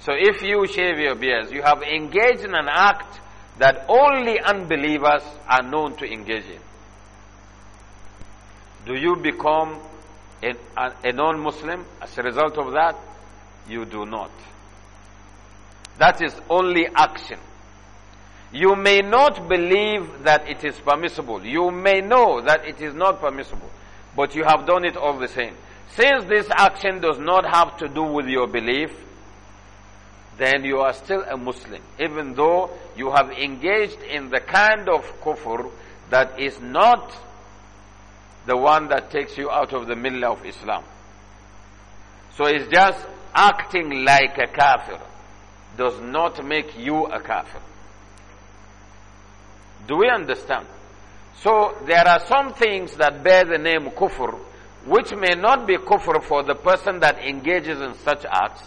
So if you shave your beards, you have engaged in an act that only unbelievers are known to engage in. Do you become a, a non-Muslim as a result of that? You do not. That is only action. You may not believe that it is permissible. You may know that it is not permissible. But you have done it all the same. Since this action does not have to do with your belief, then you are still a Muslim, even though you have engaged in the kind of kufr that is not the one that takes you out of the millah of Islam. So it's just acting like a kafir does not make you a kafir. Do we understand? So there are some things that bear the name kufr, which may not be kufr for the person that engages in such acts,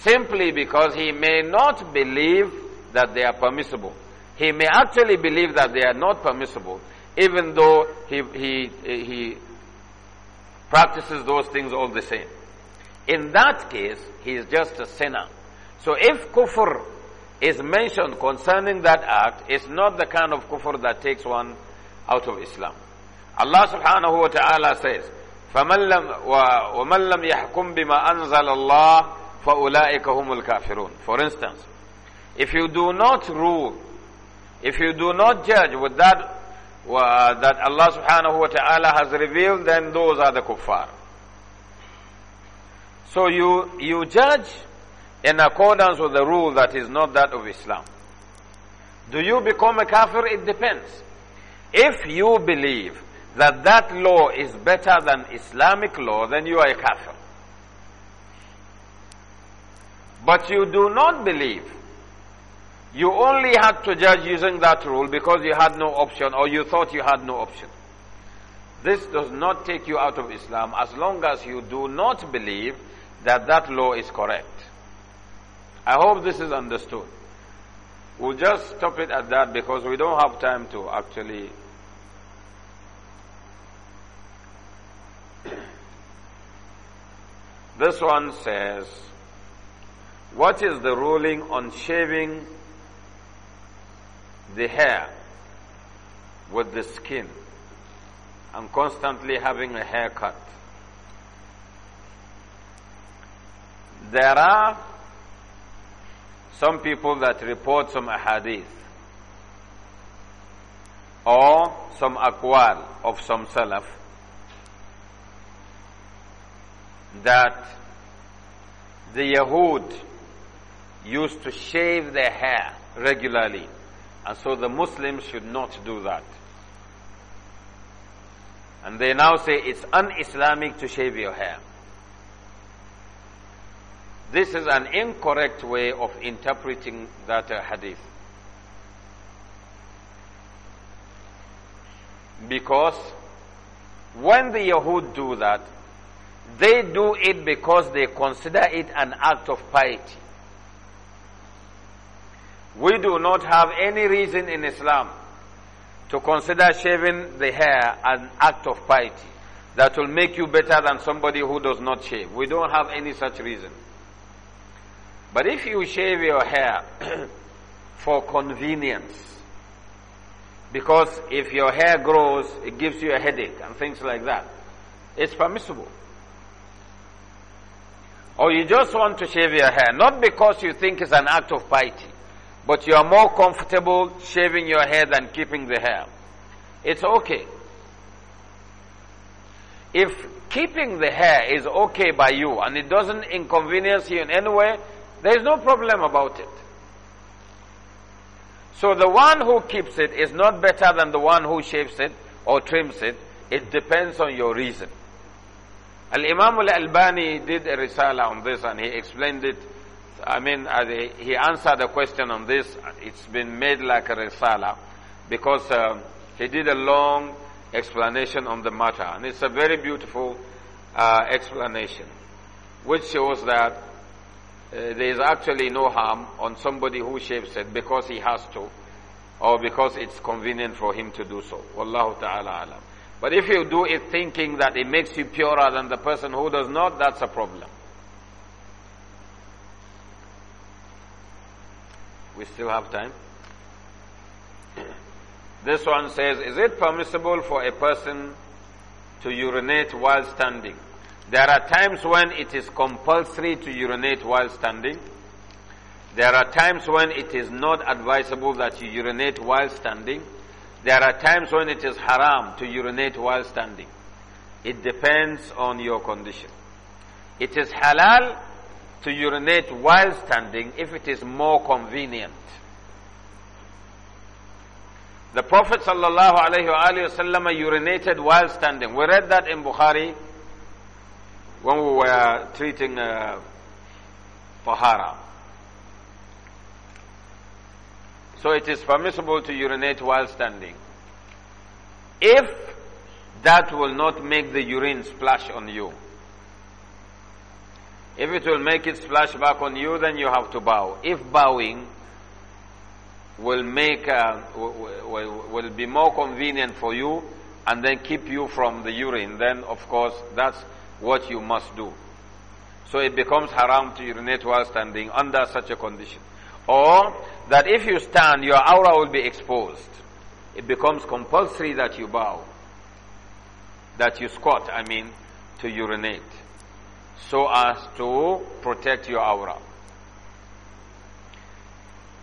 simply because he may not believe that they are permissible. He may actually believe that they are not permissible, even though he, he, he practices those things all the same. In that case, he is just a sinner. So if kufr is mentioned concerning that act is not the kind of kufr that takes one out of Islam. Allah subhanahu wa ta'ala says, فَمَنْ لَمْ يَحْكُمْ بِمَا أَنزَلَ اللَّهِ فَأُولَٰئِكَ هُمُ الْكَافِرُونَ For instance, if you do not rule, if you do not judge with that uh, that Allah subhanahu wa ta'ala has revealed, then those are the kuffar. So you, you judge in accordance with the rule that is not that of Islam. Do you become a kafir? It depends. If you believe that that law is better than Islamic law, then you are a kafir. But you do not believe. You only had to judge using that rule because you had no option or you thought you had no option. This does not take you out of Islam as long as you do not believe that that law is correct. I hope this is understood. We'll just stop it at that because we don't have time to actually This one says, What is the ruling on shaving the hair with the skin and constantly having a haircut? There are some people that report some ahadith or some akwal of some salaf that the Yahud used to shave their hair regularly and so the Muslims should not do that. And they now say it's un-Islamic to shave your hair. This is an incorrect way of interpreting that uh, hadith. Because when the Yahud do that, they do it because they consider it an act of piety. We do not have any reason in Islam to consider shaving the hair an act of piety that will make you better than somebody who does not shave. We don't have any such reason. But if you shave your hair for convenience, because if your hair grows, it gives you a headache and things like that, it's permissible. Or you just want to shave your hair, not because you think it's an act of piety, but you are more comfortable shaving your hair than keeping the hair. It's okay. If keeping the hair is okay by you and it doesn't inconvenience you in any way, there is no problem about it. So the one who keeps it is not better than the one who shapes it or trims it. It depends on your reason. Al-Imam al-Albani did a risala on this and he explained it. I mean, uh, he answered a question on this. It's been made like a risala because uh, he did a long explanation on the matter. And it's a very beautiful uh, explanation which shows that uh, there is actually no harm on somebody who shaves it because he has to or because it's convenient for him to do so. Wallahu ta'ala alam. But if you do it thinking that it makes you purer than the person who does not, that's a problem. We still have time. This one says, is it permissible for a person to urinate while standing? There are times when it is compulsory to urinate while standing. There are times when it is not advisable that you urinate while standing. There are times when it is haram to urinate while standing. It depends on your condition. It is halal to urinate while standing if it is more convenient. The Prophet ﷺ urinated while standing. We read that in Bukhari when we were treating uh, So it is permissible to urinate while standing. If that will not make the urine splash on you, if it will make it splash back on you, then you have to bow. If bowing will make uh, will, will be more convenient for you and then keep you from the urine, then of course that's what you must do. So it becomes haram to urinate while standing under such a condition. Or that if you stand, your aura will be exposed. It becomes compulsory that you bow, that you squat, I mean, to urinate, so as to protect your aura.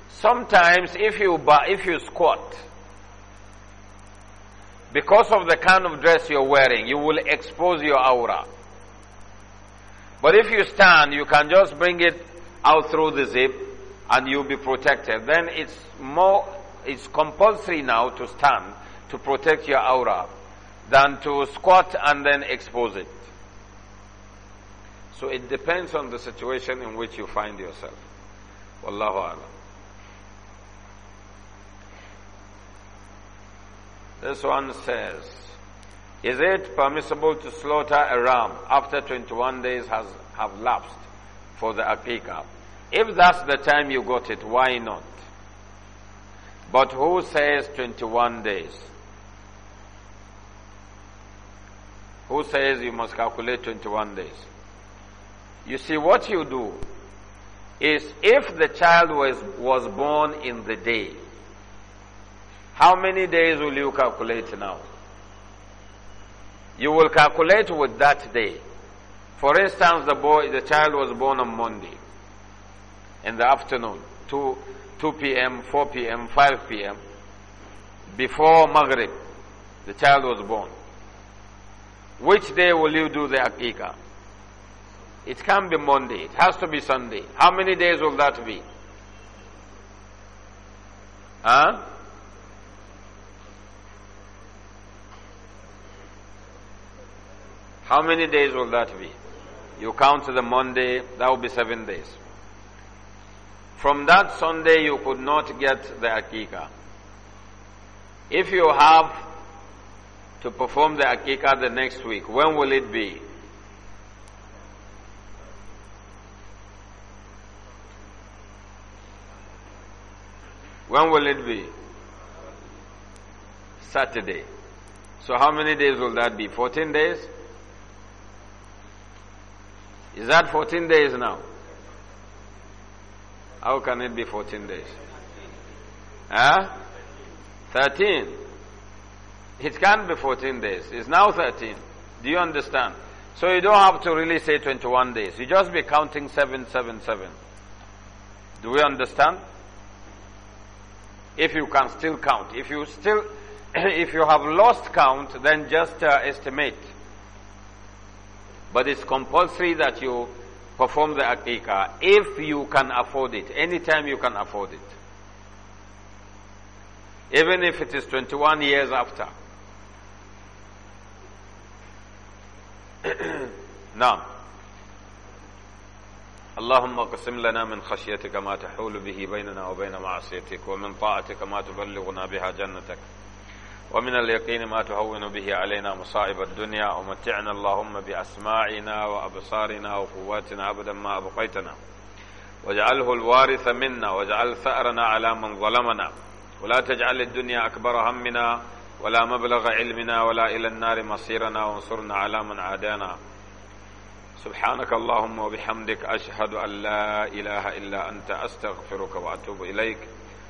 Sometimes if you, if you squat, because of the kind of dress you're wearing, you will expose your aura. But if you stand, you can just bring it out through the zip and you'll be protected. Then it's more, it's compulsory now to stand to protect your aura than to squat and then expose it. So it depends on the situation in which you find yourself. Wallahu alam. This one says, is it permissible to slaughter a ram after 21 days has have lapsed for the akikah? If that's the time you got it, why not? But who says 21 days? Who says you must calculate 21 days? You see, what you do is if the child was, was born in the day, how many days will you calculate now? You will calculate with that day. For instance, the boy, the child was born on Monday in the afternoon, 2, 2 p.m., 4 p.m., 5 p.m. Before Maghrib, the child was born. Which day will you do the Aqiqah? It can't be Monday. It has to be Sunday. How many days will that be? Huh? How many days will that be? You count the Monday, that will be seven days. From that Sunday, you could not get the Akika. If you have to perform the Akika the next week, when will it be? When will it be? Saturday. So how many days will that be? 14 days? Is that 14 days now? How can it be 14 days? Ah, huh? 13. It can't be 14 days. It's now 13. Do you understand? So you don't have to really say 21 days. You just be counting 777. Do we understand? If you can still count. If you still, if you have lost count, then just uh, estimate. But it's compulsory that you perform the aqiqah if you can afford it, anytime you can afford it. Even if it is 21 years after. Now, اللهم اقسم لنا من خشيتك ما تحول به بيننا وبين معصيتك ومن طاعتك ما تبلغنا بها جنتك ومن اليقين ما تهون به علينا مصائب الدنيا ومتعنا اللهم بأسماعنا وأبصارنا وقواتنا أبدا ما أبقيتنا واجعله الوارث منا واجعل ثأرنا على من ظلمنا ولا تجعل الدنيا أكبر همنا ولا مبلغ علمنا ولا إلى النار مصيرنا وانصرنا على من عادانا سبحانك اللهم وبحمدك أشهد أن لا إله إلا أنت أستغفرك وأتوب إليك